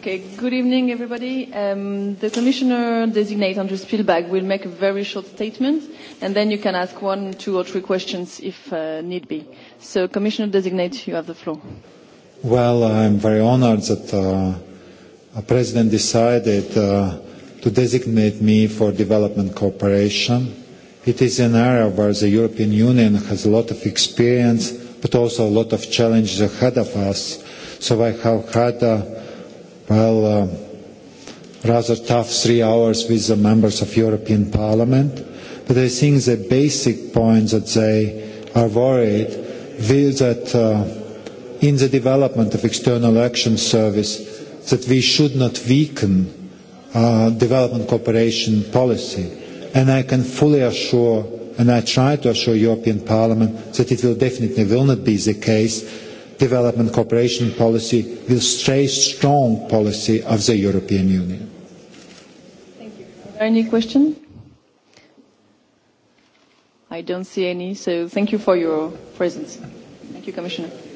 Okay, good evening, everybody. Um, the commissioner designate Andrew Spielberg will make a very short statement, and then you can ask one, two, or three questions if need be. So, commissioner designate, you have the floor. Well, I'm very honored that uh, President decided to designate me for development cooperation. It is an area where the European Union has a lot of experience, but also a lot of challenges ahead of us. So I have had. a well, rather tough three hours with the members of European Parliament. But I think the basic point that they are worried is that in the development of external action service that we should not weaken development cooperation policy. And I can fully assure and I try to assure European Parliament that it will definitely will not be the case development cooperation policy will stay strong policy of the European Union. Thank you. Are there any questions? I don't see any, so thank you for your presence. Thank you, Commissioner.